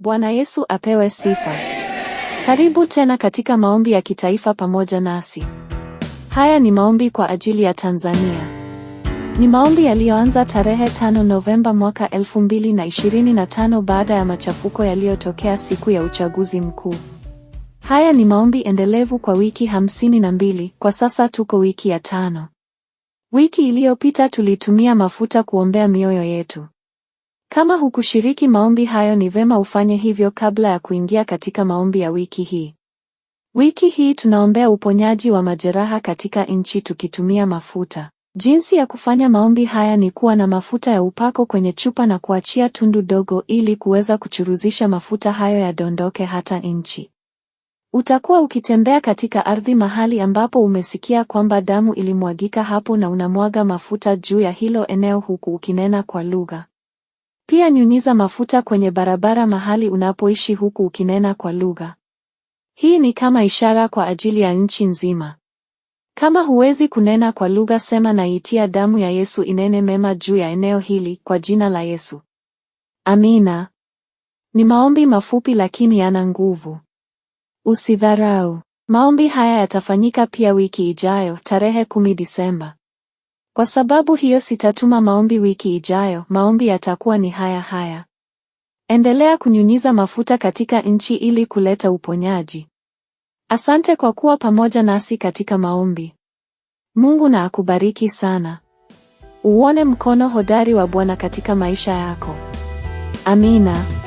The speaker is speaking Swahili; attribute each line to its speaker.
Speaker 1: Bwana Yesu apewe sifa. Karibu tena katika maombi ya kitaifa pamoja nasi. Haya ni maombi kwa ajili ya Tanzania. Ni maombi yaliyoanza tarehe 5 Novemba mwaka 2025 baada ya machafuko yaliyotokea siku ya uchaguzi mkuu. Haya ni maombi endelevu kwa wiki hamsini na mbili. Kwa sasa tuko wiki ya tano. Wiki iliyopita tulitumia mafuta kuombea mioyo yetu. Kama hukushiriki maombi hayo, ni vema ufanye hivyo kabla ya kuingia katika maombi ya wiki hii. Wiki hii tunaombea uponyaji wa majeraha katika nchi tukitumia mafuta. Jinsi ya kufanya maombi haya ni kuwa na mafuta ya upako kwenye chupa na kuachia tundu dogo ili kuweza kuchuruzisha mafuta hayo yadondoke hata nchi. Utakuwa ukitembea katika ardhi mahali ambapo umesikia kwamba damu ilimwagika hapo na unamwaga mafuta juu ya hilo eneo huku ukinena kwa lugha. Pia nyunyiza mafuta kwenye barabara mahali unapoishi huku ukinena kwa lugha. Hii ni kama ishara kwa ajili ya nchi nzima. Kama huwezi kunena kwa lugha, sema naitia damu ya Yesu inene mema juu ya eneo hili kwa jina la Yesu. Amina. Ni maombi mafupi lakini yana nguvu. Usidharau. Maombi haya yatafanyika pia wiki ijayo tarehe 10 Disemba. Kwa sababu hiyo sitatuma maombi wiki ijayo, maombi yatakuwa ni haya haya. Endelea kunyunyiza mafuta katika nchi ili kuleta uponyaji. Asante kwa kuwa pamoja nasi katika maombi. Mungu na akubariki sana. Uone mkono hodari wa Bwana katika maisha yako. Amina.